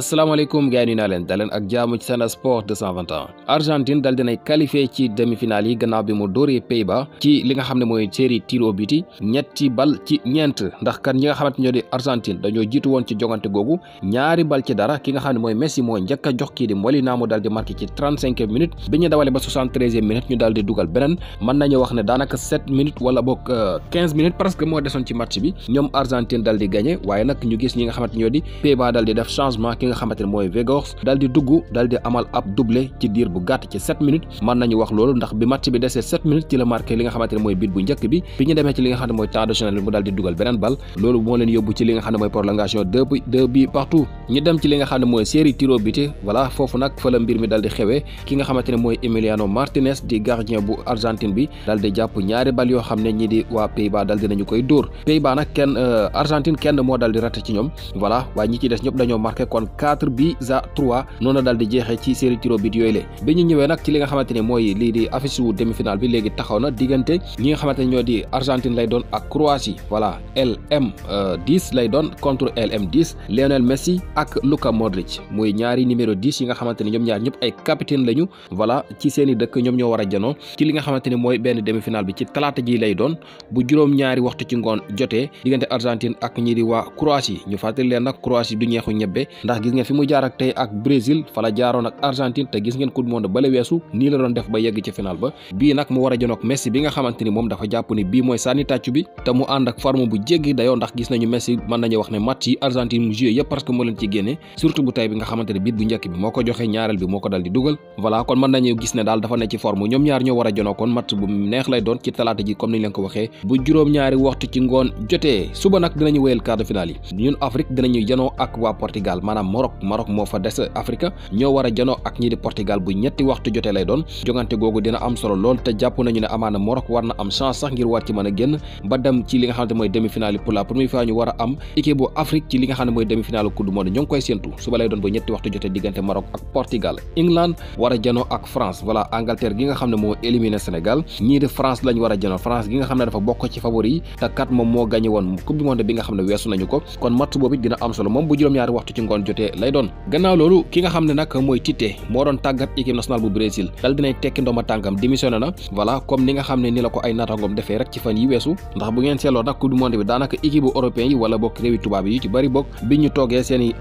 asalaamaaleykum gars yi naa leen daleen ak jaamu ci Sen Sport 221 Argentine dal dinay qualifié ci demi-finale yi gannaaw bi mu dóoree pays ci li nga xam ne mooy série tir au but ñetti bal ci ñeent ndax kan ñi nga xamante ñoo di Argentine dañoo jiitu ci jongante googu ñaari bal ci dara ki nga xam ne mooy Messi moo njëkk a jox ci trente-cinquième minute bi ñu dawalee ba soixante ñu daal di dugal beneen mën nañu wax ne daanaka sept minutes wala boog euh, quinze minutes presque moo desoon ci match bi ñoom Argentine dal di waaye nag ñu gis ñi nga xamante ñoo di Pays-Bas di def changement ki nga xamante ne mooy Weghorst daal dugg daal amal ab doublé ci diir bu gàtt ci sept minutes mën nañu wax loolu ndax bi match bi desee sept minutes ci la marqué li nga xamante mooy bit bu njëkk bi bi ñu demee ci li nga xam ne mu daal dugal beneen bal loolu moo leen yóbbu ci li nga xam ne mooy prolongation deux deux bi partout ñu dem ci li nga xam ne mooy série tiro biti voilà foofu nag fa la mbir mi daal di xewee ki nga xamante ne mooy Emiliano Martinez di gardien bu Argentine bi daal di jàpp ñaari bal yoo xam ne ñi di waa Pays-Bas daal dinañu koy dóor Pays-Bas nag kenn euh, Argentine kenn moo daal di raté ci ñoom voilà waaye ñi ci des ñëpp dañoo marqué kon 4 bi à 3 noonu daal di jeexee ci série tiro biti yooyu la bi ñu ñëwee nag ci li nga xamante ne mooy lii di affiche wu demi-finale bi léegi taxaw na diggante ñi nga xamante ne ñoo di Argentine lay doon ak Croatie voilà LM 10 euh, lay doon contre LM 10 Lionel Messi ak Luka Modric muy ñaari numéro 10 yi nga xamante ne ñoom ñaar lenyu, ay capitaine lañu voilà ci seeni dëkk ñoom ñoo war a ci li nga benn demi final bi ci talaata ji lay doon bu juróom ñaari waxtu ci ngoon jotee Argentine ak ñi di waa Croatie ñu fàttali leen nag Croatie du ñeexu ñebbe ndax gis fi mu jaar ak Brazil, ak Brésil fa la jaaroon ak Argentine te gis ngeen coupe du monde bale la doon def ba yegg ci final ba bi nak mu war a Messi bi nga xamante mom moom dafa jàpp ni bii mooy sànni tàccu bi te mu ànd ak forme bu jéggi dayoo ndax gis nañu Messi mën nañu wax ne match yi Argentine mu joué parce que leen ci génné surtout bu tay bi nga xamanteni bit bu ñëk bi moko joxé ñaaral bi moko dal di dugal voilà kon man nañu gis né dal dafa né ci forme ñom ñaar ño wara a kon mat bu neex lay doon ci talata ji comme niñ leen ko waxé bu juroom ñaari waxtu ci ngoon suba nak dinañu wëyel quart de finale yi ñun afrique dinañu janoo ak wa portugal manam maroc maroc mo fa dess afrika ño wara a ak ñi di portugal bu ñetti waxtu jotee lay doon jogante gogu dina am solo lool te japp nañu né amana maroc warna am chance sax ngir wat ci mëna genn ba dem ci li nga xamanteni moy demi finale pour la première fois ñu wara am équipe bu afrique ci li nga xamanteni moy demi finale coupe du monde ñong koy séentu su balay doon bo ñetti waxtu jotté digënté Maroc ak Portugal England warajano jëno ak France voilà Angleterre gi nga xamné mo éliminer Sénégal ñi de France lañ wara jëno France gi nga xamné dafa bokk ci favori ta momo kat mom mo gagné won coupe du monde bi nga xamné wessu nañu ko kon match bobu dina am solo mom bu juroom ñaari waxtu ci ngoon jotté lay doon gannaaw lolu ki nga xamné nak moy Tite mo doon tagat équipe nationale bu Brésil dal dinaay tekki ndoma tànkam démissioné na voilà comme ni nga xamné ni la ko ay naataangoom défé rek ci fan yi wessu ndax bu ngeen sélo nak coupe du monde bi danaka équipe européen yi wala tubaab yi ci bari bok biñu ñu seen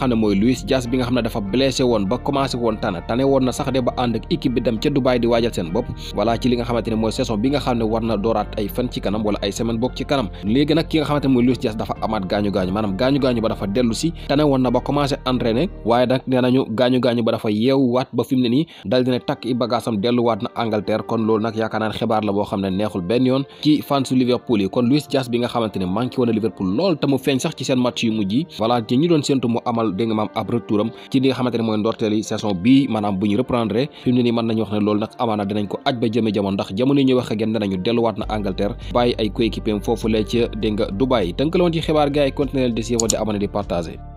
xamne moy Luis Diaz bi nga xamne dafa blessé won ba commencé won tan tané won na sax dé ba and ak équipe bi dem ci Dubai di wajal sen bop wala ci li nga xamanteni moy saison bi nga xamne warna dorat ay fan ci kanam wala ay semaine bok ci kanam légui nak ki nga xamanteni moy Luis Diaz dafa amat gañu gañu manam gañu gañu ba dafa delu ci tané won na ba commencé entraîner waye nak nenañu gañu gañu ba dafa yew wat ba fimné ni dal dina tak i bagasam delu wat na Angleterre kon lool nak yakana xibaar la bo xamne neexul ben yoon ci fans Liverpool yi kon Luis Diaz bi nga xamanteni manki wona Liverpool lool tamu feñ sax ci sen match yu mujjii wala ci ñi doon sentu mu amal lool dégg nga maam ab retour ci li nga xamante ne mooy ndorteeli saison bii maanaam bu ñu reprendre fi mu ne mën nañu wax ne loolu nag amaana dinañ ko aj ba jëme jamono ndax jamono yi ñuy wax ak yéen danañu delluwaat na Angleterre bàyyi ay coéquipier am foofu lee ca dégg nga Dubaay tënk la woon ci xibaar gars yi continuer leen di siiwal di di partager